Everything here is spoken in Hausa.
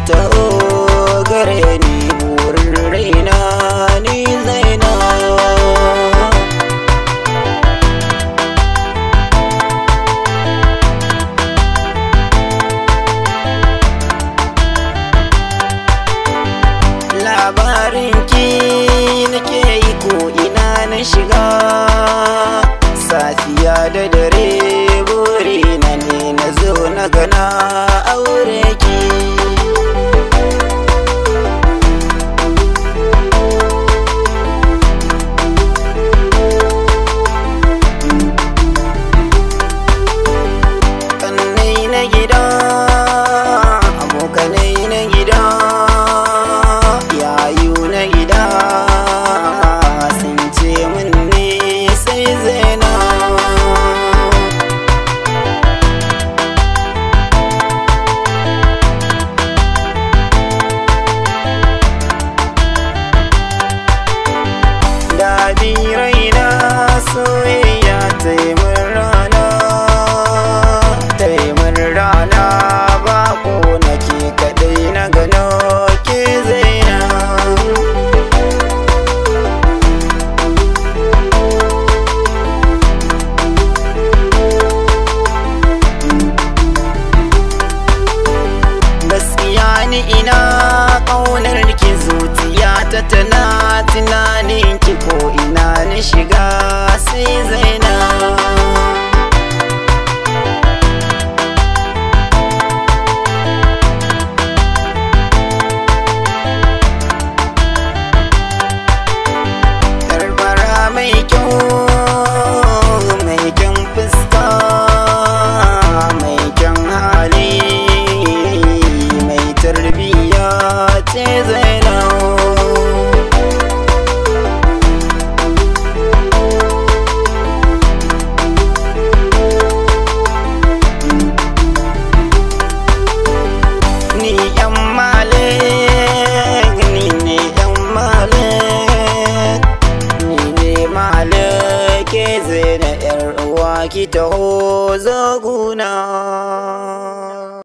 ta gare ni burin raina ni zaina labarin ki nake yi ko ina na shiga ni ina ƙaunar ki zuciya ta tana tunanin ki ko ina na shiga sai zaina ki taho zaguna